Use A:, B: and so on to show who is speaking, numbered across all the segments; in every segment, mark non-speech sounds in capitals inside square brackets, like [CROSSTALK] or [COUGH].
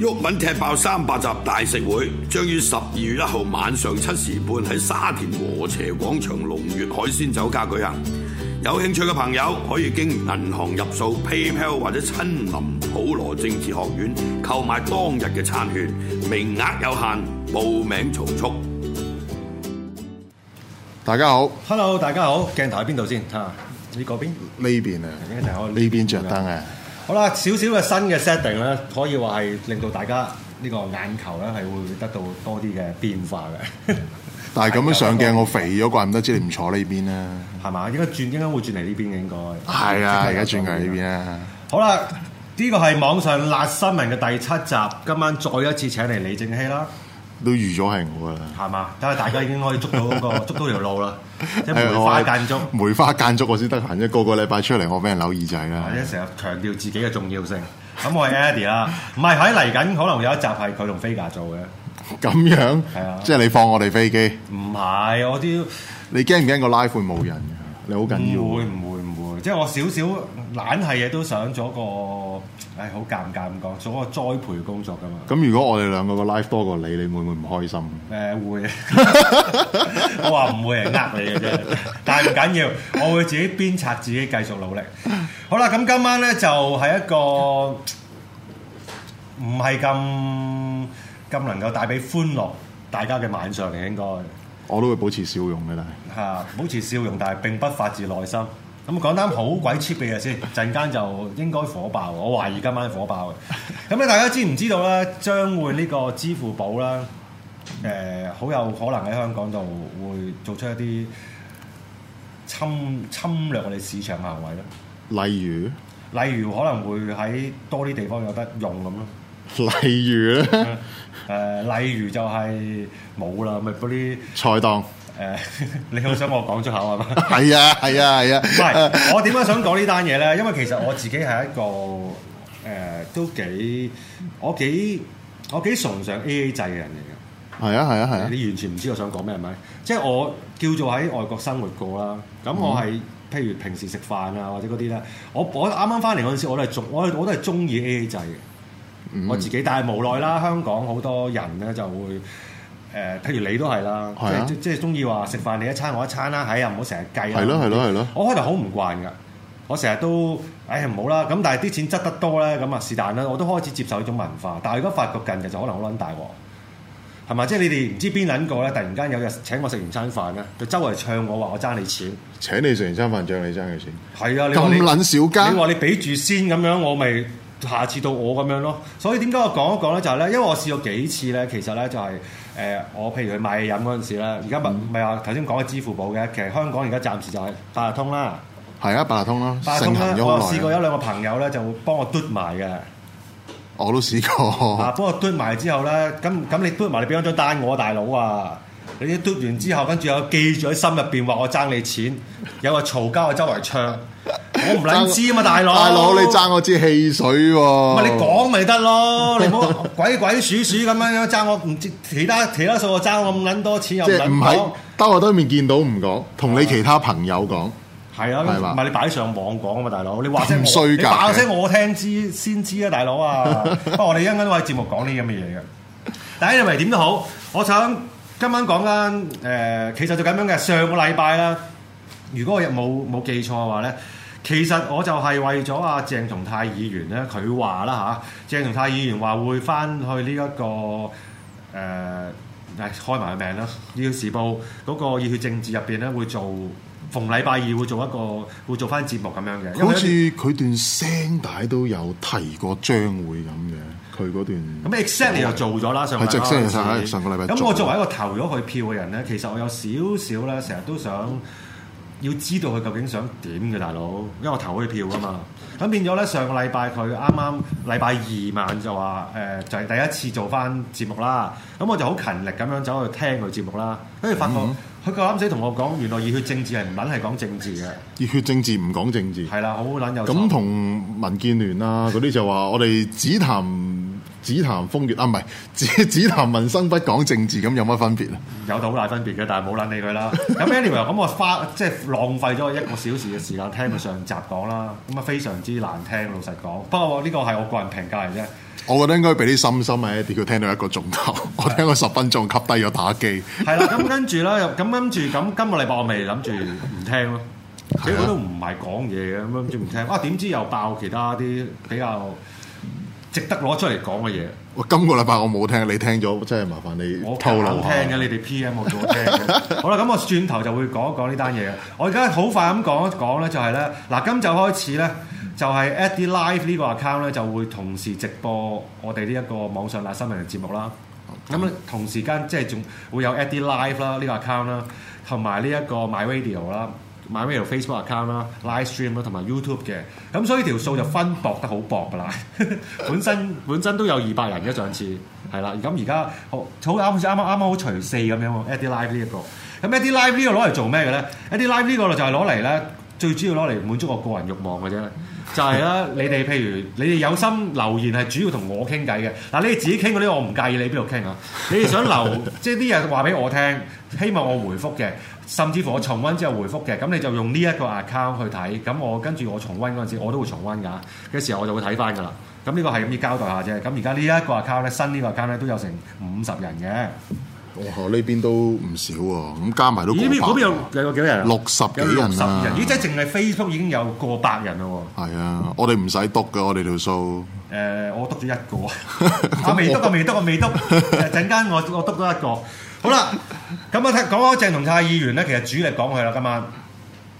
A: 毓民踢爆三百集大食會，將於十二月一號晚上七時半喺沙田禾輋廣場龍悦海鮮酒家舉行。有興趣嘅朋友可以經銀行入數、PayPal 或者親臨普羅政治學院購買當日嘅餐券，名額有限，報名從速。大家好，Hello，大家好，鏡頭喺邊度先啊？你嗰邊？呢邊啊？呢邊着燈啊？好啦，少少嘅新嘅 setting 咧，可以話係令到大家呢個眼球咧係會得到多
B: 啲嘅變化嘅。 [LAUGHS] 但係咁樣上鏡我肥咗，怪唔得知你唔坐呢邊啦。係嘛？應該轉，應該會轉嚟呢邊嘅應該。係啊，而家轉嚟呢邊
A: 啊。好啦，呢個係網上辣新聞嘅第七集，今晚再一次請嚟李政熙啦。都
B: 預咗係我啦，係嘛？
A: 梗係大家已經可以捉到嗰、那個， [LAUGHS] 捉到條路啦。 [LAUGHS] 即梅花間竹，
B: 梅花間竹，我先得閒一個個禮拜出嚟，我俾人扭耳仔㗎。或者成日強調自己嘅重要性。
A: 咁 [LAUGHS] 我係 Addie 啦，唔係喺嚟緊，可能有一集係佢同 Faker 做嘅。咁樣係啊，的即
B: 係你放我哋飛機？唔係我都要，你驚唔驚個 live 會冇人？你好緊要？唔會唔會唔會？即
A: 係、就是、我少少懶係嘢都想咗個。係，好尷尬咁講，做個栽培工作噶嘛。
B: 咁如果我哋兩個個 life 多過你，你會唔會唔開心？
A: 誒會，
B: 我
A: 話唔會係呃你嘅啫，但係唔緊要，我會自己鞭策自己，繼續努力。好啦，咁今晚咧就係一個唔係咁咁能夠帶俾歡樂大家嘅晚上嚟，應該我都會保持笑容嘅，但係嚇保持笑容，但係並不發自內心。咁講啱好鬼 cheap 嘅先，陣間就應該火爆。我懷疑今晚火爆嘅。咁咧，大家知唔知道咧？將會呢個支付寶啦，誒、呃，好有可能喺香港度會做出一啲侵侵略我哋市場嘅行為咧。例如，例如可能會喺多啲地方有得用咁咯。例如咧、 [LAUGHS] 呃，例如就係冇啦，咪嗰啲菜檔。就是誒， [LAUGHS] 你好想我講出口係咪？係 [LAUGHS] 啊，係啊，係啊！唔係，我點解想講呢單嘢咧？因為其實我自己係一個誒、呃，都幾我幾我幾崇尚 A A 制嘅人嚟嘅。係啊，係啊，係啊！你完全唔知我想講咩係咪？即係、就是、我叫做喺外國生活過啦。咁我係、嗯、譬如平時食飯啊，或者嗰啲咧，我我啱啱返嚟嗰陣時，我都係中，我我都係鍾意 A A 制嘅。我自己，但係無奈啦，香港好多人咧就會。誒，譬、呃、如你都係啦，啊、即即係鍾意話食飯你一餐我一餐啦，係啊，唔好成日計啦。係咯係咯係咯。我開頭好唔慣嘅，我成日都，唉、哎、唔好啦。咁但係啲錢執得多咧，咁啊是但啦。我都開始接受呢種文化。但係如果發覺近日就可能好撚大鑊，係咪？即係你哋唔知邊撚個咧，突然間有日請我食完餐飯咧，就周圍唱我話我爭你錢，
B: 請你食完餐飯，仗你爭嘅錢。
A: 係啊，你咁撚小家，你話你俾住先咁樣，我咪下次到我咁樣咯。所以點解我講一講咧，就係咧，因為我試過幾次咧，其實咧就係、是。誒、呃，我譬如去買嘢飲嗰陣時咧，而家咪唔係話頭先講嘅支付寶嘅，其實香港而家暫時就係八達通啦。
B: 係啊，八達通啦。八達通，我試過有
A: 兩個朋友咧，就會幫我嘟埋嘅。我都試過。 [LAUGHS] 啊，幫我嘟埋之後咧，咁咁你嘟埋你俾咗張單我，大佬啊，你嘟完之後跟住又記住喺心入邊話我爭你錢，有個嘈交嘅周圍唱。 [LAUGHS]
B: 我唔捻知啊嘛，大佬！大佬，你爭我支汽水喎、啊！唔係你講
A: 咪得咯，你好 [LAUGHS] 鬼鬼祟祟咁樣樣爭我唔知其他
B: 其他數我爭我咁捻多
A: 錢是又唔講，
B: 兜頭兜面見到唔講，同、啊、你其他朋友講係啊，唔係吧你
A: 擺上網講啊嘛，大佬！你話聲唔衰噶，你話聲我聽知先知啊，大佬啊！ [LAUGHS] 不過我哋一陣間都喺節目講呢啲咁嘅嘢嘅，大家認為點都好，我想今晚講緊，誒、呃，其實就咁樣嘅。上個禮拜啦，如果我又冇冇記錯嘅話咧。其實我就係為咗阿鄭松泰議員咧，佢話啦吓，鄭松泰議員話會翻去呢、這、一個誒、呃、開埋個名啦，呢要時報嗰、那個熱血政治入邊咧會做逢禮拜二會做一個會做翻節目咁樣嘅。因為好似
B: 佢段聲帶都有提過將會咁嘅，佢嗰段。咁
A: exactly 又做咗啦，的上，上個禮拜。上個禮拜。咁我作為一個投咗佢票嘅人咧，其實我有少少咧，成日都想。要知道佢究竟想點嘅，大佬，因為我投佢票啊嘛。咁變咗咧，上個禮拜佢啱啱禮拜二晚就話誒，就、呃、係第一次做翻節目啦。咁我就好勤力咁樣走去聽佢節目啦。嗯嗯，跟住發覺佢夠膽死同我講，原來熱血政治係唔撚係講政
B: 治嘅，熱血政治唔講政治。係啦，好撚有。咁同民建聯啊嗰啲就話，我哋只談。只談風月啊，唔係只只談民生不講政治，咁有乜分別啊？有到好大分別嘅，但係冇撚理佢啦。咁 [LAUGHS] anyway 咁我花即係、就是、浪
A: 費咗一個小時嘅時間聽佢上集講啦，咁啊非常之難聽，老實講。不過呢個係我個人評價嚟啫。
B: 我覺得應該俾啲心心啊，點要聽到一個鐘頭？的 [LAUGHS] 我聽個十分鐘，吸低咗打機。
A: 係啦，咁跟住啦，咁跟住咁今個禮拜我未諗住唔聽咯，佢的都唔係講嘢嘅，咁樣諗住唔聽？啊，點知又爆其他啲比較。值得攞出嚟講嘅嘢。
B: 我今個禮拜我冇聽，你聽咗，真係麻煩你
A: 透露下。我聽嘅，你哋 PM 我做啫。 [LAUGHS] 好啦，咁我轉頭就會講一講呢單嘢。我而家好快咁講一講咧，就係咧，嗱，今就開始咧，就係 add e live 呢個 account 咧，就會同時直播我哋呢一個網上 l 新聞嘅節目啦。咁、嗯、同時間即係仲會有 add e live 啦，呢個 account 啦，同埋呢一個 my radio 啦。買咩？Facebook account 啦，live stream 啦，同埋 YouTube 嘅，咁所以條數就分薄得好薄㗎啦。本身本身都有二百人嘅上次，係啦。咁而家好好啱好似，啱啱啱啱好除四咁樣喎。Addie live 呢一個，咁 Addie live 呢個攞嚟做咩嘅咧？Addie live 呢個就係攞嚟咧，最主要攞嚟滿足我個人欲望嘅啫。就係、是、啦， [LAUGHS] 你哋譬如你哋有心留言係主要同我傾偈嘅，嗱你哋自己傾嗰啲我唔介意你邊度傾啊。你哋想留，即係啲嘢話俾我聽，希望我回覆嘅。甚至乎我重温之後回覆嘅，咁你就用呢一個 account 去睇，咁我跟住我重温嗰陣時，我都會重温㗎嘅時候，我就會睇翻㗎啦。咁呢個係咁要交代下啫。咁而家呢一個 account 咧，新呢個 account 咧都有成五十人嘅。
B: 哇！呢邊都唔少喎，咁加埋都咦？呢邊嗰邊有有幾人？六十幾人啊！咦？即係
A: 淨係 Facebook 已經有過百人咯
B: 喎。係啊，我哋唔使篤㗎，我哋條數。
A: 誒，我篤咗一個，我未篤，我未篤，我未篤。陣間我我篤咗一個。好啦，咁啊，講翻鄭松泰議員咧，其實主力講佢啦，今晚，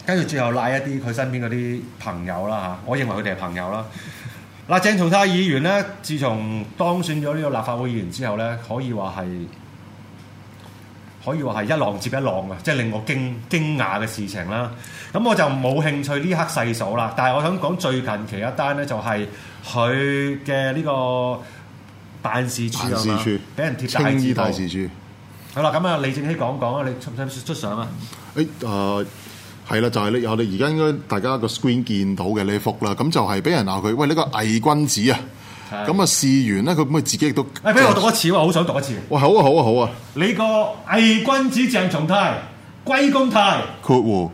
A: 跟住最後拉一啲佢身邊嗰啲朋友啦吓，我認為佢哋係朋友啦。嗱，鄭松泰議員咧，自從當選咗呢個立法會議員之後咧，可以話係，可以話係一浪接一浪啊，即係令我驚驚訝嘅事情啦。咁我就冇興趣呢刻細數啦，但係我想講最近其一單咧，就係佢嘅呢個辦事處啊，俾人貼大字報。好啦，咁啊，李政熙講講啊，你出唔出出相啊？
B: 誒、哎，誒、呃，係啦，就係咧，我哋而家應該大家個 screen 見到嘅呢幅啦，咁就係俾人鬧佢，喂，呢個偽君子啊，咁啊、嗯，試完咧，佢咁啊，自己亦都，誒、哎，俾我讀
A: 一次喎，好、呃、想讀一次。
B: 喂，好啊，好啊，好啊。
A: 你個偽君子鄭松泰，歸公泰，
B: 括弧湖。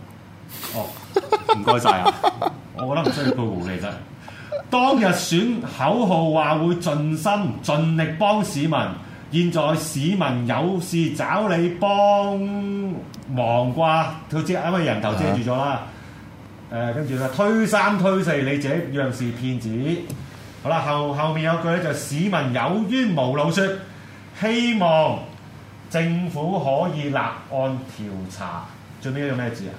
B: 哦，唔該晒啊。 [LAUGHS] 我覺得唔需要括弧其實。
A: 當日選口號話會盡心盡力幫市民。現在市民有事找你幫忙啩，佢遮，因為人頭遮住咗啦。誒、啊，跟住咧推三推四，你自己樣似騙子。好啦，後後面有句咧就是、市民有冤無路説，希望政府可以立案調查。最尾嗰個咩字啊？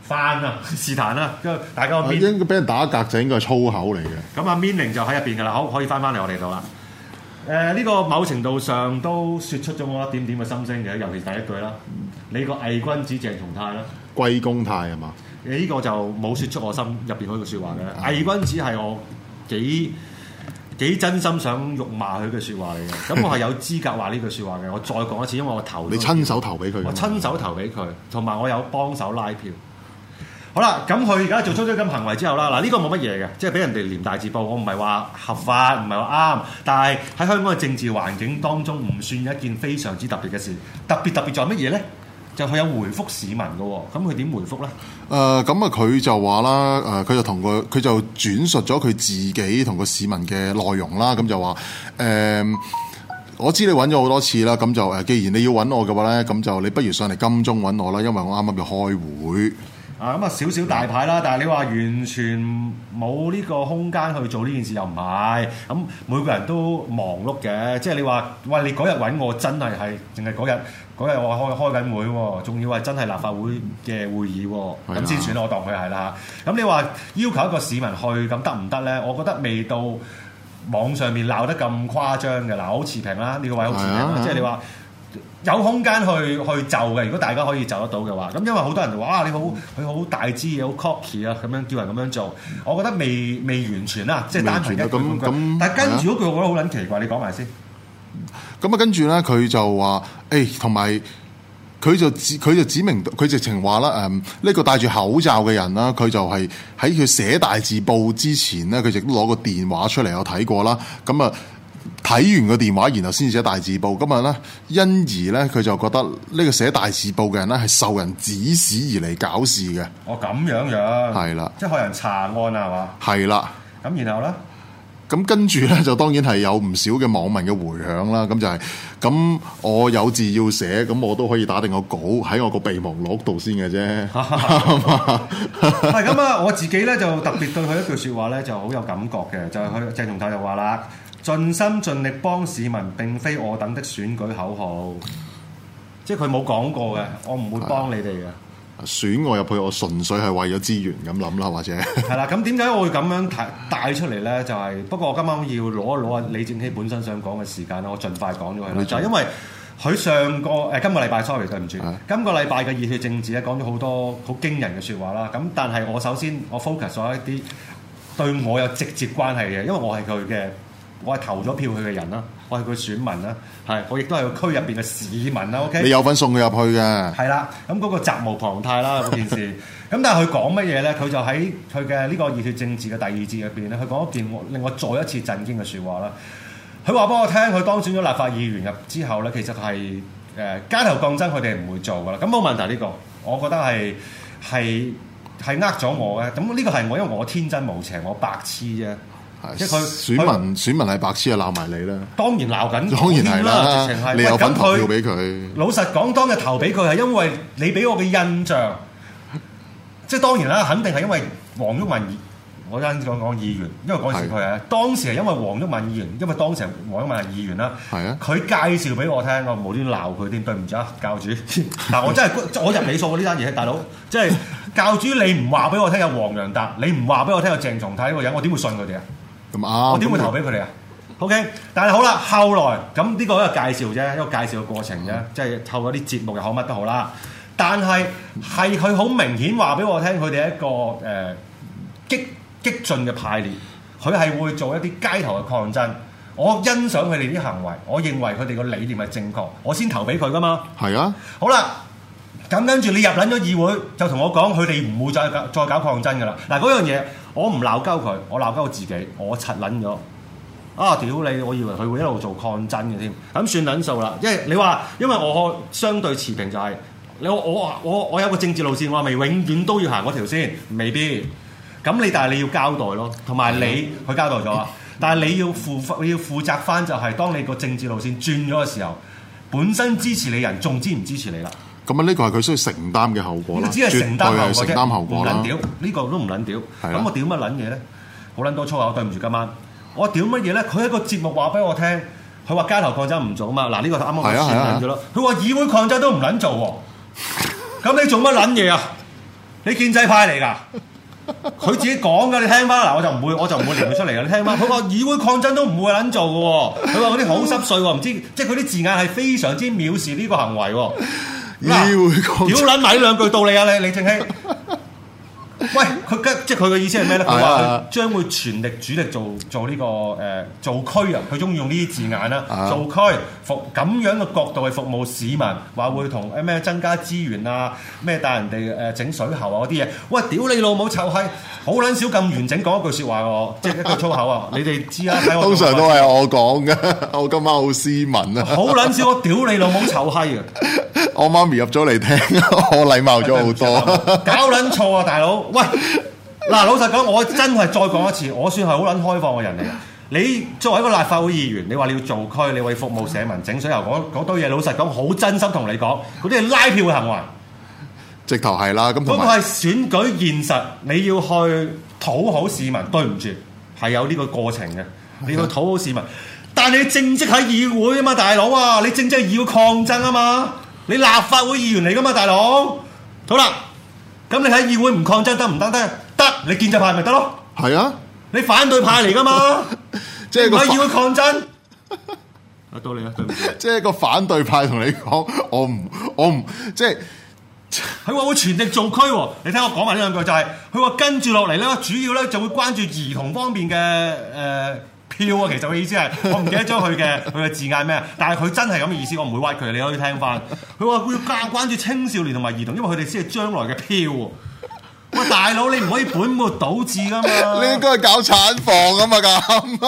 A: 翻啊，是彈啦。個大家已經
B: 俾人打格仔，應該係粗口嚟
A: 嘅。咁阿 Min Ling 就喺入邊噶啦，好可以翻翻嚟我哋度啦。誒呢、呃這個某程度上都説出咗我一點點嘅心聲嘅，尤其第一句啦，嗯、你個偽君子鄭松泰啦，龜公泰係嘛？呢個就冇説出我心入邊嗰句説話嘅，偽、嗯嗯、君子係我幾幾真心想辱罵佢嘅説話嚟嘅，咁我係有資格話呢句説話嘅， [LAUGHS] 我再講一次，因為我投你親
B: 手投俾佢，我親
A: 手投俾佢，同埋、嗯、我有幫手拉票。好啦，咁佢而家做出咗呢啲咁行為之後啦，嗱、這、呢個冇乜嘢嘅，即係俾人哋連大字報。我唔係話合法，唔係話啱，但係喺香港嘅政治環境當中，唔算一件非常之特別嘅事。特別特別在乜嘢咧？就佢有回覆市民㗎喎。咁佢點回覆咧？
B: 誒、呃，咁啊，佢、呃、就話啦，誒，佢就同佢，佢就轉述咗佢自己同個市民嘅內容啦。咁就話誒、呃，我知你揾咗好多次啦。咁就誒，既然你要揾我嘅話咧，咁就你不如上嚟金鐘揾我啦，因為我啱啱要開會。
A: 啊，咁啊少少大牌啦，但係你話完全冇呢個空間去做呢件事，又唔係咁，每個人都忙碌嘅，即係你話喂，你嗰日揾我真係係淨係嗰日，嗰日我開開緊會喎，仲要係真係立法會嘅會議喎，咁先、嗯、算是、啊、我當佢係啦，咁你話要求一個市民去咁得唔得呢？我覺得未到網上面鬧得咁誇張嘅嗱，好持平啦，呢個位好持平、啊啊、即係你話。有空間去去就嘅，如果大家可以就得到嘅話，咁因為好多人就話：你好，佢好，好，好大支嘢，好 cocky 啊，咁樣叫人咁樣做，我覺得未未完全啦，即係單純嘅咁。但係跟住嗰句，我覺得好撚奇怪，你講埋先。
B: 咁啊，跟住咧，佢就話：誒、欸，同埋佢就指佢就指明，佢直情話啦，誒、嗯，呢個戴住口罩嘅人啦，佢就係喺佢寫大字報之前咧，佢亦都攞個電話出嚟，我睇過啦。咁啊。嗯睇完個電話，然後先寫大字報。咁日咧，因而咧，佢就覺得呢個寫大字報嘅人咧係受人指使而嚟搞事嘅。
A: 哦，咁樣樣。係啦的，即係學人查案啊，係嘛？
B: 係啦的。咁然後咧，咁跟住咧，就當然係有唔少嘅網民嘅回響啦。咁就係、是，咁我有字要寫，咁我都可以打定個稿喺我個備忘錄度先嘅啫。係
A: 咁啊，我自己咧就特別對佢一句説話咧就好有感覺嘅，就係佢鄭同泰就話啦。盡心盡力幫市民並非我等的選舉口號，即係佢冇講過嘅，我唔會幫你哋
B: 嘅。選我入去，我純粹係為咗資源咁諗啦，或者係啦。咁點解我會咁樣提帶出
A: 嚟呢？就係、是、不過我今晚要攞一攞阿李政熙本身想講嘅時間啦，我盡快講咗佢啦。嗯、就因為佢上個誒今個禮拜，sorry，對唔住，今個禮拜嘅熱血政治咧講咗好多好驚人嘅説話啦。咁但係我首先我 focus 咗一啲對我有直接關係嘅，因為我係佢嘅。我係投咗票佢嘅人啦，我係佢選民啦，係是我亦都係個區入邊嘅市民啦。O、okay? K，你有
B: 份送佢入去嘅，係
A: 啦。咁嗰個責無旁貸啦，嗰件事。咁 [LAUGHS] 但係佢講乜嘢咧？佢就喺佢嘅呢個熱血政治嘅第二節入邊咧，佢講一件令我再一次震驚嘅説話啦。佢話：，幫我聽，佢當選咗立法議員入之後咧，其實係誒街頭抗爭，佢哋唔會做噶啦。咁冇問題呢、這個，我覺得係係係呃咗我嘅。咁呢個係我因為我天真無邪，我白痴啫。
B: 係即係選民不選民係白痴啊，鬧埋你啦！
A: 當然鬧緊，當然係啦，你有份投票俾佢。老實講，當日投俾佢係因為你俾我嘅印象， [LAUGHS] 即係當然啦，肯定係因為黃毓民議，我啱講講議員，因為嗰陣時佢係是當時係因為黃毓民議員，因為當時黃毓民係議員啦。係啊，佢介紹俾我聽，我冇端端鬧佢添，對唔住啊，教主。嗱，我真係我就起訴嗰啲單嘢，大佬即係教主，你唔話俾我聽有黃洋達，你唔話俾我聽有鄭松泰呢個人，我點會信佢哋啊？嗯、我點會投俾佢哋啊？OK，但係好啦，後來咁呢個一個介紹啫，一個介紹嘅過程啫，嗯、即係透過啲節目又好，好，乜都好啦。但係係佢好明顯話俾我聽，佢哋一個誒、呃、激激進嘅派列，佢係會做一啲街頭嘅抗爭。我欣賞佢哋啲行為，我認為佢哋個理念係正確，我先投俾佢噶嘛。係啊，好啦，咁跟住你入撚咗議會，就同我講，佢哋唔會再搞再搞抗爭噶啦。嗱，嗰樣嘢。我唔鬧鳩佢，我鬧鳩我自己，我柒撚咗啊！屌你，我以為佢會一路做抗爭嘅添，咁算撚數啦。因為你話，因為我相對持平就係、是，你我我我我有個政治路線，我咪永遠都要行嗰條線，未必。咁你但係你要交代咯，同埋你佢 [LAUGHS] 交代咗，但係你要負你要負責翻，就係當你個政治路線轉咗嘅時候，本身支持你人仲支唔支持你啦？
B: 咁呢個係佢需要承擔嘅後果啦。果絕對係承擔後果唔撚屌，
A: 呢個都唔撚屌。咁我屌乜撚嘢咧？好撚多粗口啊！我對唔住今晚。我屌乜嘢咧？佢一個節目話俾我聽，佢話街頭抗爭唔做啊嘛。嗱、這、呢個啱啱先撚咗咯。佢話的議會抗爭都唔撚做喎。咁 [LAUGHS] 你做乜撚嘢啊？你建制派嚟㗎？佢 [LAUGHS] 自己講㗎，你聽翻嗱，我就唔會，我就唔會連佢出嚟㗎。你聽翻佢話 [LAUGHS] 議會抗爭都唔會撚做㗎。佢話嗰啲好濕碎喎，唔知即係佢啲字眼係非常之藐視呢個行為喎。 [LAUGHS] 你、啊、會講屌撚埋呢兩句道理啊！你李政熙，喂。佢即係佢嘅意思係咩咧？佢話將會全力主力做做呢個誒做區啊！佢中意用呢啲字眼啦，做區，做區服咁樣嘅角度去服務市民，話會同誒咩增加資源啊，咩帶人哋誒、啊、整水喉啊嗰啲嘢。喂，屌你老母臭閪！好撚少咁完整講一句説話我，即係一個粗口啊！ [LAUGHS] 你哋知啊，通常都
B: 係我講嘅，我今晚好斯文啊！好撚少我屌你老母臭閪啊！我媽咪入咗嚟聽，我禮貌咗好多。
A: 搞撚錯啊，大佬！喂！嗱，老實講，我真係再講一次，我算係好撚開放嘅人嚟嘅。 [LAUGHS] 你作為一個立法會議員，你話你要做區，你為服務市民整水喉嗰嗰堆嘢，老實講，好真心同你講，嗰啲係拉票嘅行為。直頭係啦，咁嗰個係選舉現實，你要去討好市民。對唔住，係有呢個過程嘅，你要討好市民。 [LAUGHS] 但你正職喺議會啊嘛，大佬啊，你正職係要抗爭啊嘛，你立法會議員嚟㗎嘛，大佬。好啦，咁你喺議會唔抗爭得唔得咧？你建制派咪得咯？係啊，你反對派嚟噶嘛？
B: 即係唔係要佢抗爭？阿 [LAUGHS] 到你啊，對唔住。即係個反對派同你講，我唔，我唔，即係佢話會全力做
A: 區。你聽我講埋呢兩句，就係佢話跟住落嚟咧，主要咧就會關注兒童方面嘅誒、呃、票啊。其實嘅意思係，我唔記得咗佢嘅佢嘅字眼咩？但係佢真係咁嘅意思，我唔會屈佢。你可以聽翻。佢話會要加關注青少年同埋兒童，因為佢哋先係將來嘅票。
B: 喂，大佬你唔可以本末倒置噶嘛？ [LAUGHS] 你應該係搞產房啊嘛咁，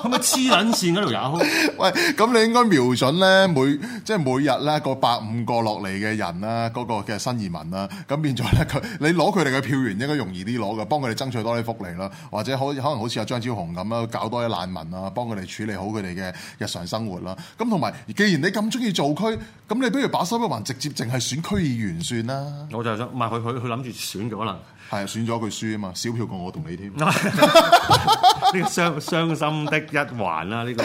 B: 咁咪黐撚線嗰度入去。喂，咁你應該瞄準咧每即係每日咧個百五個落嚟嘅人啦、啊，嗰、嗰個嘅新移民啦、啊，咁變咗咧佢你攞佢哋嘅票源應該容易啲攞嘅，幫佢哋爭取多啲福利啦、啊，或者可可能好似阿張超雄咁啊，搞多啲難民啊，幫佢哋處理好佢哋嘅日常生活啦、啊。咁同埋，既然你咁中意做區，咁你不如把心一橫直接淨係選區議員算啦。我就想，唔係佢佢佢諗住。選咗啦，係啊！選咗佢輸啊嘛，小票過我同你添，呢個傷傷心的一環啦、啊！呢、這個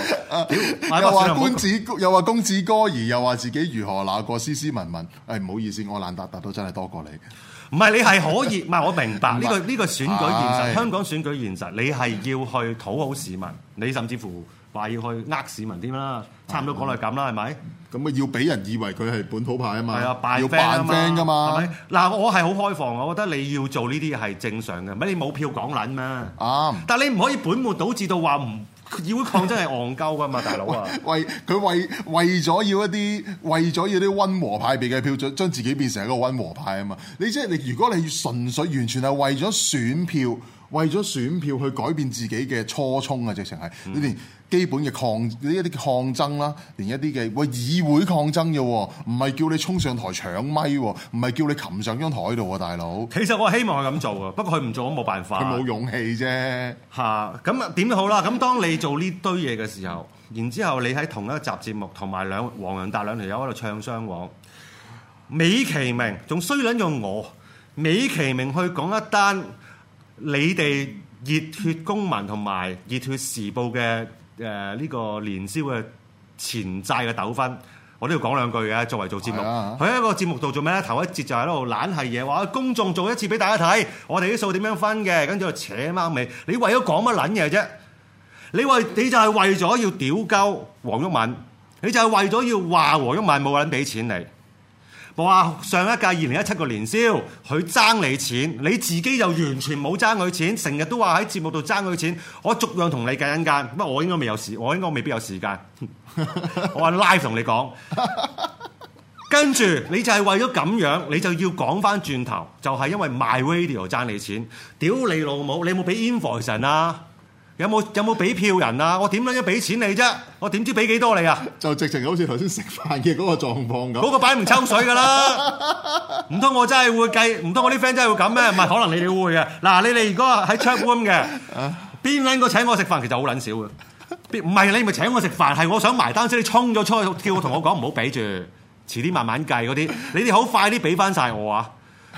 B: 屌， [LAUGHS] 又話公子， [LAUGHS] 又話公子哥兒，而又話自己如何那個斯斯文文，誒、哎、唔好意思，我爛答答都真係多過你，唔係你係可以，唔係 [LAUGHS] 我明白呢是、這個呢、這個選舉現實，哎、香
A: 港選舉現實，你係要去討好市民，你甚至乎。話要去呃市民添啦，差唔多講到咁啦，係咪、
B: 嗯？咁啊要俾人以為佢係本土派啊嘛，啊扮啊要扮 fan 噶
A: 嘛，係咪？嗱，我係好開放，我覺得你要做呢啲係正常嘅，唔係你冇票講撚咩。嗯、但係你唔可以
B: 本末倒置到話唔要抗爭係戇鳩噶嘛，大佬啊！ [LAUGHS] 為佢為為咗要一啲，為咗要啲温和派別嘅票，將將自己變成一個温和派啊嘛。你即係你，如果你純粹完全係為咗選票。為咗選票去改變自己嘅初衷啊，直情係你連基本嘅抗呢一啲抗爭啦、啊，連一啲嘅喂議會抗爭嘅喎，唔係叫你衝上台搶咪喎，唔係叫你擒上張台度啊。大佬。
A: 其實我希望佢咁做， [LAUGHS] 做啊，不過佢唔做都冇辦法。佢冇勇氣啫。吓、啊，咁啊點都好啦。咁當你做呢堆嘢嘅時候，然之後你喺同一集節目，同埋兩黃仁達兩條友喺度唱雙簧，美其名仲衰撚用我，美其名去講一單。你哋熱血公民同埋熱血時報嘅誒呢個年宵嘅前債嘅糾紛，我都要講兩句嘅，作為做節目佢喺是、啊、一個節目度做咩咧？頭一節就喺度懶係嘢，話公眾做一次俾大家睇，我哋啲數點樣分嘅，跟住就扯貓尾，你為咗講乜撚嘢啫？你為你就係為咗要屌鳩黃毓民，你就係為咗要話黃毓民冇人俾錢你。我話上一屆二零一七個年宵，佢爭你錢，你自己又完全冇爭佢錢，成日都話喺節目度爭佢錢，我逐樣同你計緊間，不過我應該未有時，我應該未必有時間， [LAUGHS] [LAUGHS] 我話 live 同你講，跟住你就係為咗咁樣，你就要講返轉頭，就係、是、因為 MyRadio 爭你錢，屌 [LAUGHS] 你老母，你有冇俾 invoice 啊？有冇有冇俾票人啊？我點撚要俾錢你啫？我點知俾幾多你啊？你少啊就直情好似頭
B: 先食飯嘅嗰個狀況咁。嗰個擺唔抽水㗎啦，
A: 唔通 [LAUGHS] 我真係會計？唔通我啲 friend 真係會咁咩？唔係，可能你哋會嘅。嗱，你哋如果喺 check room 嘅，邊撚 [LAUGHS] 個請我食飯？其實好撚少嘅。唔係你咪請我食飯，係我想埋單先。你衝咗出去，叫我同我講唔好俾住，遲啲慢慢計嗰啲。你哋好快啲俾翻曬我啊！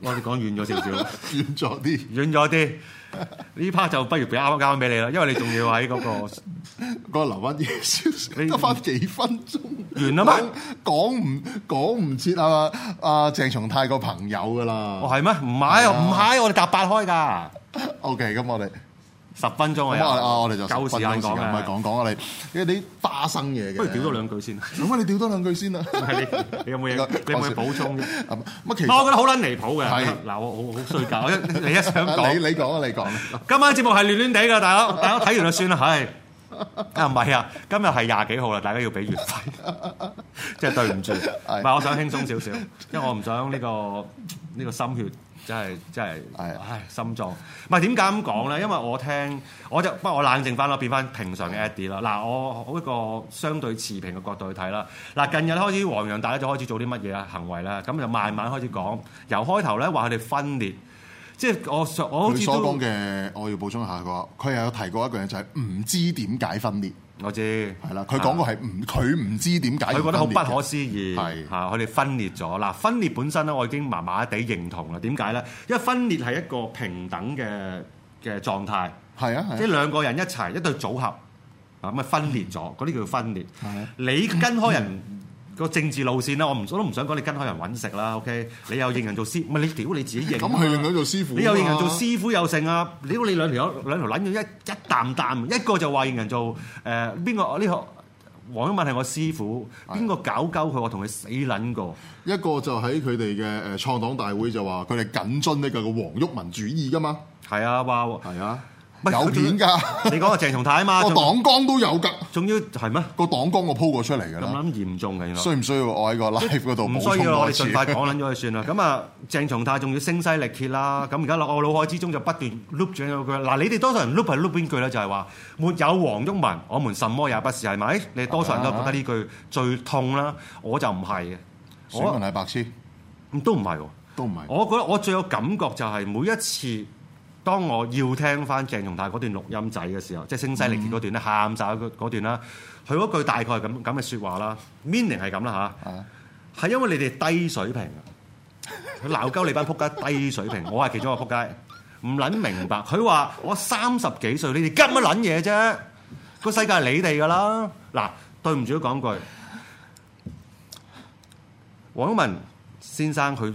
A: 我哋講遠咗少少， [LAUGHS] 遠咗啲，遠咗啲。呢 part [LAUGHS] 就不如俾
B: 啱啱交翻俾你啦，因為你仲要喺嗰、嗰個 [LAUGHS] 留翻啲消息，得翻幾分鐘。完啦咩？講唔講唔切啊？阿鄭松泰個朋友噶啦。哦，係咩？唔係啊，唔係我哋搭八開㗎。OK，咁我哋。
A: 十分鐘啊！我哋就夠時間講啊，唔係講講啊你，
B: 你花生嘢，不如屌多兩句先。乜你屌多兩句先啊？你你有冇嘢？你有冇嘢補充？乜其實我覺得好撚離譜嘅。係嗱，我好衰格，我一你一想講，你你講啊，你講。
A: 今晚節目係亂亂地㗎，大佬，大佬睇完就算啦。係啊，唔係啊，今日係廿幾號啦，大家要俾月費，即 [LAUGHS] 係對唔住。唔係的，我想輕鬆少少，因為我唔想呢個呢個心血。真係真係，唉心臟。唔係點解咁講咧？因為我聽，我就不過我冷靜翻咯，變翻平常嘅 Addie 啦。嗱的，我好一個相對持平嘅角度去睇啦。嗱，近日開始，黃洋大咧就開,開始做啲乜嘢啊行為啦。咁就慢慢開始講，由開頭咧話佢哋分裂，
B: 即係我我所講嘅，我要補充下個，佢又有提過一句嘢，就係唔知點解分裂。我知，係啦，佢講過係唔，佢唔知點解，佢覺得好不可
A: 思議，嚇，佢哋分裂咗啦。分裂本身咧，我已經麻麻地認同啦。點解咧？因為分裂係一個平等嘅嘅狀態，係啊，即係兩個人一齊一對組合啊咁啊分裂咗，嗰啲叫分裂。係啊，你跟開人。個政治路線啦，我唔，我都唔想講你跟開人揾食啦。OK，你又認人做師，唔係你屌你自己認、啊。咁係認人
B: 做師傅、啊。你又認人做師
A: 傅又成啊？屌你，你兩條兩條捻咗一一啖啖，一個就話認人做誒邊、呃這個？呢個黃毓民係我師傅。
B: 邊個、啊、搞鳩佢？我同佢死撚過。一個就喺佢哋嘅誒創黨大會就話佢哋緊遵呢個黃毓民主義噶嘛。係啊，話係啊。有片噶，你講個鄭松泰啊嘛，個黨綱都有噶，仲要係咩？個黨綱我鋪過出嚟噶啦。咁嚴重嘅原來。需唔需要我喺個 live 嗰度補充一次？唔需要，我哋盡快講撚
A: 咗佢算啦。咁啊，鄭松泰仲要聲嘶力竭啦。咁而家落我腦海之中就不斷 loop 住一句。嗱，你哋多數人 loop 係 loop 邊句咧？就係話沒有黃毓民，我們什麼也不是，係咪？你多數人都覺得呢句最痛啦。我就唔係嘅。選民係白痴，都唔係喎，都唔係。我覺得我最有感覺就係每一次。當我要聽翻鄭容泰嗰段錄音仔嘅時候，即係聲嘶力竭嗰段咧，喊曬嗰段啦。佢嗰、嗯、句大概咁咁嘅説話啦，meaning 係咁啦嚇，係 [LAUGHS] 因為你哋低水平，佢鬧鳩你班撲街低水平，我係其中一個撲街，唔撚明白。佢話我三十幾歲，你哋急乜撚嘢啫？個世界係你哋噶啦。嗱、 [LAUGHS] 啊，對唔住都講句，黃毓民先生佢，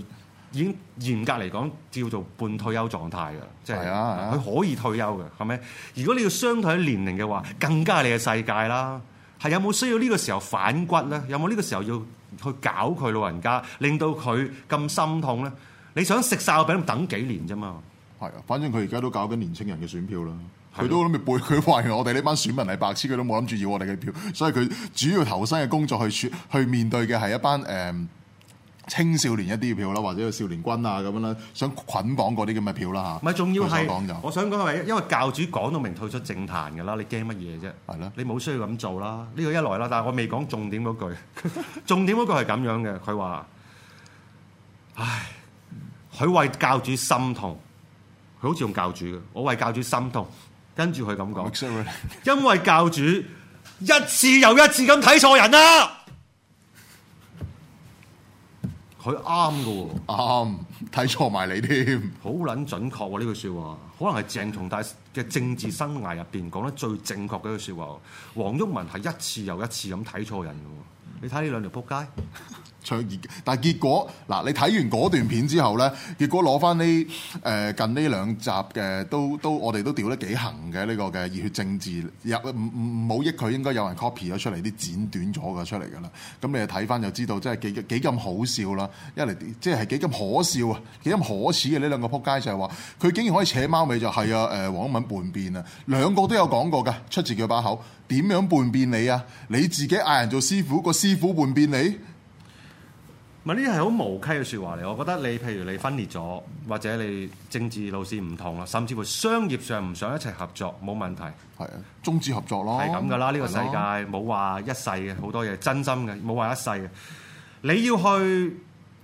A: 已經嚴格嚟講叫做半退休狀態㗎，即係佢可以退休嘅，係咪？如果你要相對年齡嘅話，更加係你嘅世界啦，係有冇需要呢個時候反骨咧？有冇呢個時候要去搞佢老人家，令到佢咁心痛咧？
B: 你想食晒個餅，等幾年啫嘛？係啊，反正佢而家都搞緊年青人嘅選票啦，佢都諗住背佢發現我哋呢班選民係白痴，佢都冇諗住要我哋嘅票，所以佢主要投身嘅工作去選，去面對嘅係一班誒，嗯青少年一啲票啦，或者個少年軍啊咁樣啦，想捆綁嗰啲咁嘅票啦吓，唔咪，仲要係我想
A: 講係，因為教主講到明退出政壇嘅啦，你驚乜嘢啫？係啦的，你冇需要咁做啦。呢個一來啦，但係我未講重點嗰句。 [LAUGHS] 重點嗰句係咁樣嘅，佢話，唉，佢為教主心痛，佢好似用教主嘅，我為教主心痛。跟住佢咁講，'m exactly right. [LAUGHS] 因為教主一次又一次咁睇錯人啦。
B: 佢啱㗎喎，啱
A: 睇、嗯、錯埋你添，好撚準確喎呢句説話，可能係鄭松泰嘅政治生涯入邊講得最正確嘅一句説話。黃毓民係一次又一次咁睇錯人㗎喎，你睇呢兩條仆街。 [LAUGHS]
B: 但係結果嗱，你睇完嗰段片之後咧，結果攞翻呢誒近呢兩集嘅都都，我哋都掉得幾恆嘅呢個嘅熱血政治，又唔唔好益佢，應該有人 copy 咗出嚟啲剪短咗嘅出嚟㗎啦。咁你睇翻就知道真係幾幾咁好笑啦。一嚟即係幾咁可笑啊，幾咁可恥嘅呢兩個仆街就係話佢竟然可以扯貓尾，就係啊誒黃文叛變啊，兩、呃、個都有講過㗎，出自佢把口點樣叛變你啊？你自己嗌人做師傅，個師傅叛變你？
A: 呢啲係好無稽嘅説話嚟，我覺得你譬如你分裂咗，或者你政治路線唔同啦，甚至乎商業上唔想一齊合作冇問題。係啊，終止合作咯。係咁噶啦，呢個世界冇話一世嘅好多嘢，真心嘅冇話一世嘅。你要去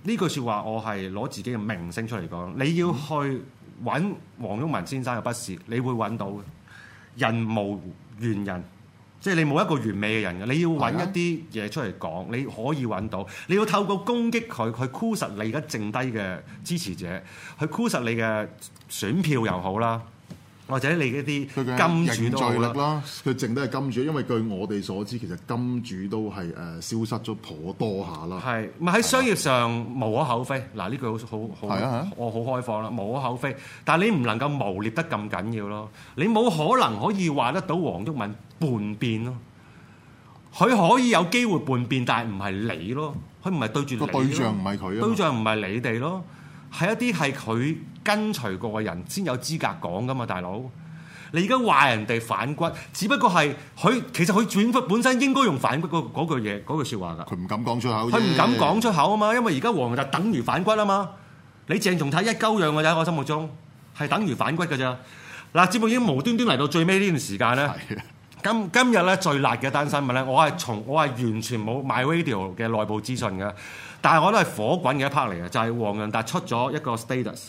A: 呢句説話，我係攞自己嘅名聲出嚟講，你要去揾黃毓民先生嘅不是，你會揾到嘅。人無完人。即係你冇一個完美嘅人嘅，你要揾一啲嘢出嚟講，你可以揾到，你要透過攻擊佢，去箍實你而家剩低嘅支持者，去箍實你嘅選票又好啦。或者你嗰啲金主都好啦，
B: 佢淨都係金主，因為據我哋所知，其實金主都係誒消失咗頗多下啦。
A: 係咪喺商業上無可厚非？嗱呢句好好好，我好開放啦，無可厚非。但係你唔能夠誣衊得咁緊要咯。你冇可能可以話得到黃毓民叛變咯。佢可以有機會叛變，但係唔係你咯。佢唔係對住你咯。對象唔係佢，對象唔係你哋咯。係一啲係佢。跟隨過嘅人先有資格講㗎嘛，大佬！你而家話人哋反骨，只不過係佢其實佢轉翻本身應該用反骨嗰句嘢句
B: 説話㗎。佢唔敢,敢講出口，佢唔敢講
A: 出口啊嘛，因為而家黃潤達等於反骨啊嘛。你鄭松泰一鳩樣嘅嘢喺我心目中係等於反骨㗎啫。嗱，節目已經無端端嚟到最尾呢段時間咧。今今日咧最辣嘅單新聞咧，我係從我係完全冇 My Radio 嘅內部資訊嘅，但係我都係火滾嘅一 part 嚟嘅，就係黃潤達出咗一個 status。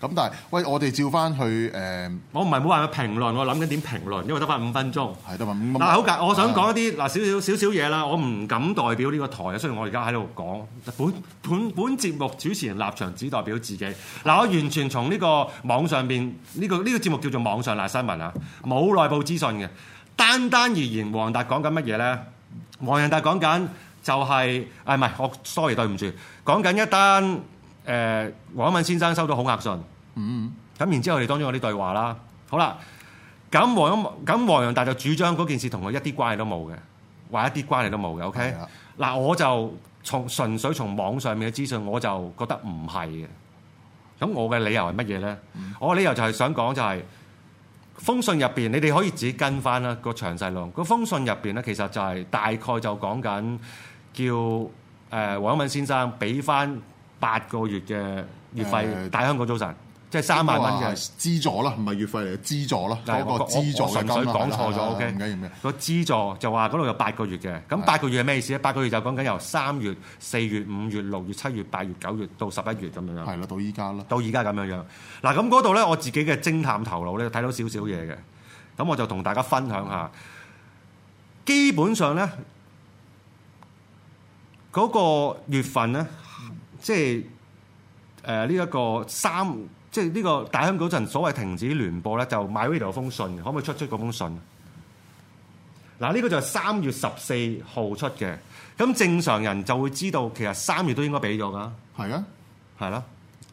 B: 咁但係，喂，我哋照翻去誒，呃、我唔係冇辦法評論，我諗緊點評論，因為得翻五分鐘。係得翻五分、嗯、嗱，好介、嗯，我想講一
A: 啲嗱少少少少嘢啦，我唔敢代表呢個台啊，雖然我而家喺度講本本本節目主持人立場只代表自己。嗱、啊，我完全從呢個網上邊呢、呢個呢、呢個節目叫做網上辣新聞啊，冇內部資訊嘅，單單而言，黃達講緊乜嘢咧？黃達講緊就係、是、啊，唔係，我 sorry 對唔住，講緊一單誒黃一敏先生收到恐嚇信。嗯，咁然之後，我哋當中有啲對話啦，好啦，咁黃咁黃洋達就主張嗰件事同佢一啲關係都冇嘅，話一啲關係都冇嘅，OK？嗱的，我就從純粹從網上面嘅資訊，我就覺得唔係嘅。咁我嘅理由係乜嘢咧？嗯、我理由就係想講就係、是、封信入邊，你哋可以自己跟翻啦、那個詳細路。封信入邊咧，其實就係、是、大概就講緊叫誒黃毓民先生俾翻八個月嘅月費，大香港早晨。嗯即係三萬蚊嘅、啊、
B: 資助啦，唔係月費嚟嘅資助咯，嗰個資助純粹講錯咗了，OK，唔緊要咩？
A: 個資助就話嗰度有八個月嘅，咁八個月係咩意思咧？是的 八個月就講緊由三月、四月、五月、六月、七月、八月、九月到十一月咁樣樣。係啦，到依家啦。到依家咁樣樣。嗱，咁嗰度咧，我自己嘅偵探頭腦咧睇到少少嘢嘅，咁我就同大家分享下。基本上咧，嗰、那個月份咧，即係誒呢一個三。即係呢個大香港陣所謂停止聯播咧，就 MyRadio 有封信，可唔可以出出嗰封信？嗱，呢、這個就係三月十四號出嘅。咁正常人就會知道，其實三月都應該俾咗㗎。係啊的，係啦，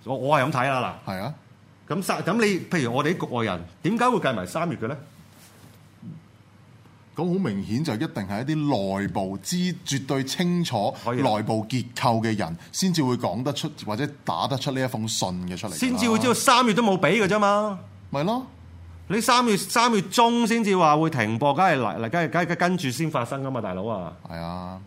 A: 我我係咁睇啦嗱。係啊，咁三咁你譬如我哋啲
B: 局外人，點解會計埋三月嘅咧？咁好明顯就一定係一啲內部知絕對清楚內部結構嘅人，先至以會講得出或者打得出呢一封信嘅出嚟。先至會知道
A: 三月都冇俾嘅啫嘛的。咪咯，你三月三月中先至話會停播，梗係嚟嚟，梗係梗係跟住先發
B: 生噶嘛，大佬啊的。係啊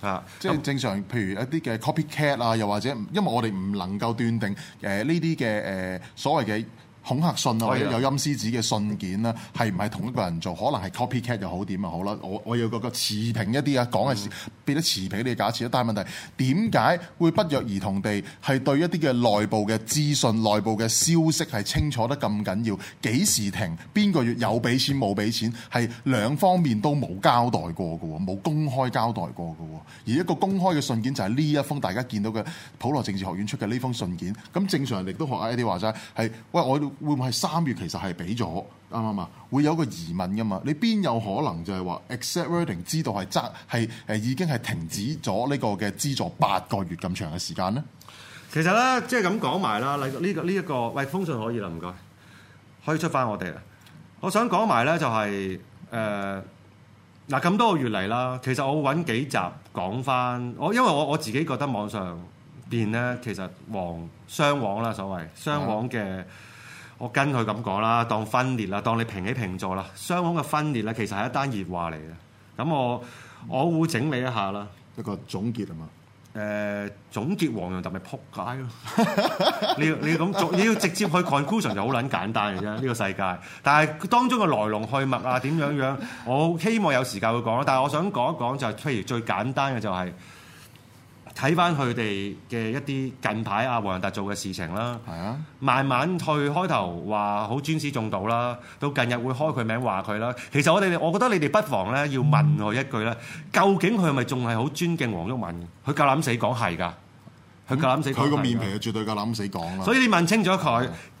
B: 的，嚇，即係正常。譬如一啲嘅 copycat 啊，又或者，因為我哋唔能夠斷定誒呢啲嘅誒所謂嘅。恐嚇信啊，或者、哎、呀有陰司紙嘅信件咧，係唔係同一個人做？可能係 copycat 又好點啊，好啦，我我有個一個持平一啲啊，講嘅時、嗯、變咗持平，你假設啦。但係問題點解會不約而同地係對一啲嘅內部嘅資訊、內部嘅消息係清楚得咁緊要？幾時停？邊個月有俾錢冇俾錢？係兩方面都冇交代過㗎喎，冇公開交代過㗎喎。而一個公開嘅信件就係呢一封大家見到嘅普羅政治學院出嘅呢封信件。咁正常人，你都學下呢啲話齋係喂我。我會唔會係三月其實係俾咗啱唔啱啊？會有個疑問噶嘛？你邊有可能就係話 accept rating 知道係則係誒已經係停止咗呢個嘅資助八個月咁長嘅時間咧？其實咧，即係咁講埋啦，例如呢個呢一個喂封信可以啦，唔該，
A: 可以出翻我哋啦。我想講埋咧就係誒嗱，咁多個月嚟啦，其實我會揾幾集講翻我，因為我我自己覺得網上邊咧，其實黃雙黃啦，所謂雙黃嘅。我跟佢咁講啦，當分裂啦，當你平起平坐啦，雙方嘅分裂啦，其實係一單熱話嚟嘅。咁我我會整理一下啦，一個總結吖嘛？誒、呃、總結黃洋就咪撲街咯！你要你要咁做，你要直接去 conclusion 就好撚簡單嘅啫，呢、這個世界。但係當中嘅來龍去脈啊，點樣樣，我希望有時間會講啦。但係我想講一講就係、是，譬如最簡單嘅就係、是。睇翻佢哋嘅一啲近排阿黃洋達做嘅事情啦，的慢慢佢開頭話好尊師重道啦，到近日會開佢名話佢啦。其實我哋，我覺得你哋不妨咧要問佢一句咧，究竟佢係咪仲係好尊敬黃毓民？佢夠膽死講係㗎？佢夠膽死，佢個面皮就
B: 絕對夠膽死講啦。所以
A: 你問清楚佢呢？嗯、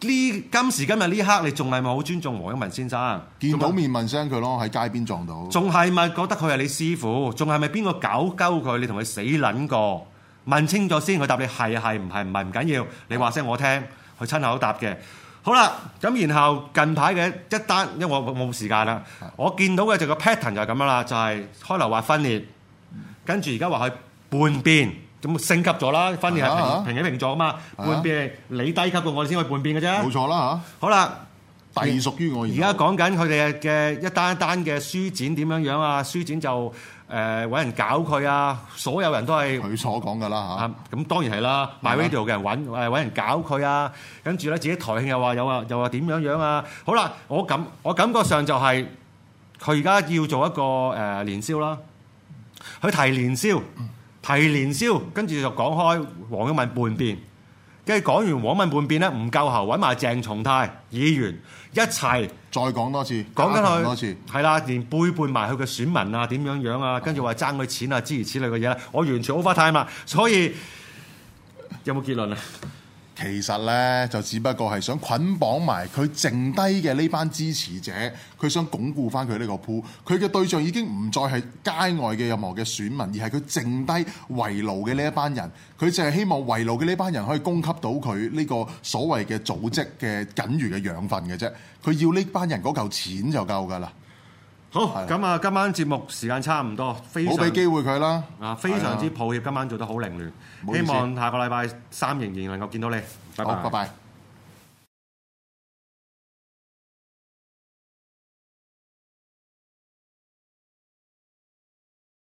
A: 今時今日呢刻，你仲係咪好尊重黃一文先生？見到面問聲佢咯，喺
B: 街邊撞到。
A: 仲係咪覺得佢係你師傅？仲係咪邊個搞鳩佢？你同佢死撚過？問清楚先，佢答你係係唔係唔係唔緊要，你話聲我聽，佢親口答嘅。好啦，咁然後近排嘅一單，因為我冇時間啦，我見到嘅就個 pattern 就係咁樣啦，就係、是、開頭話分裂，跟住而家話佢半邊。咁升級咗啦，反而係平起平坐啊嘛！叛變你低級過我哋先可以叛變嘅啫。冇錯啦嚇。好啦，第二屬於我而家講緊佢哋嘅一單一單嘅書展點樣樣啊？書展就誒揾人搞佢啊！所有人都係佢所講嘅啦嚇。咁當然係啦，MyVideo 嘅人揾誒揾人搞佢啊！跟住咧自己台慶又話又話又話點樣樣啊？好啦，我感我感覺上就係佢而家要做一個誒年宵啦，佢提年宵。係連宵，跟住就講開黃毓民叛變，跟住講完黃毓民叛變咧，唔夠喉揾埋鄭松泰議員一齊再講多次，講緊佢係啦，連背叛埋佢嘅選民啊，點樣樣啊，跟住話爭佢錢啊，諸如此類嘅嘢，我完全 over time 嘛，所以
B: 有冇結論啊？其實咧，就只不過係想捆綁埋佢剩低嘅呢班支持者，佢想鞏固翻佢呢個鋪。佢嘅對象已經唔再係街外嘅任何嘅選民，而係佢剩低圍爐嘅呢一班人。佢淨係希望圍爐嘅呢班人可以供給到佢呢個所謂嘅組織嘅僅餘嘅養分嘅啫。佢要呢班人嗰嚿錢就夠㗎啦。好，咁啊，今晚節目時間
A: 差唔多，非常冇俾機會佢啦，非常之抱歉，今晚做得好凌亂，沒錯 希望下個禮拜三仍然能夠見到你，拜拜。好，拜拜。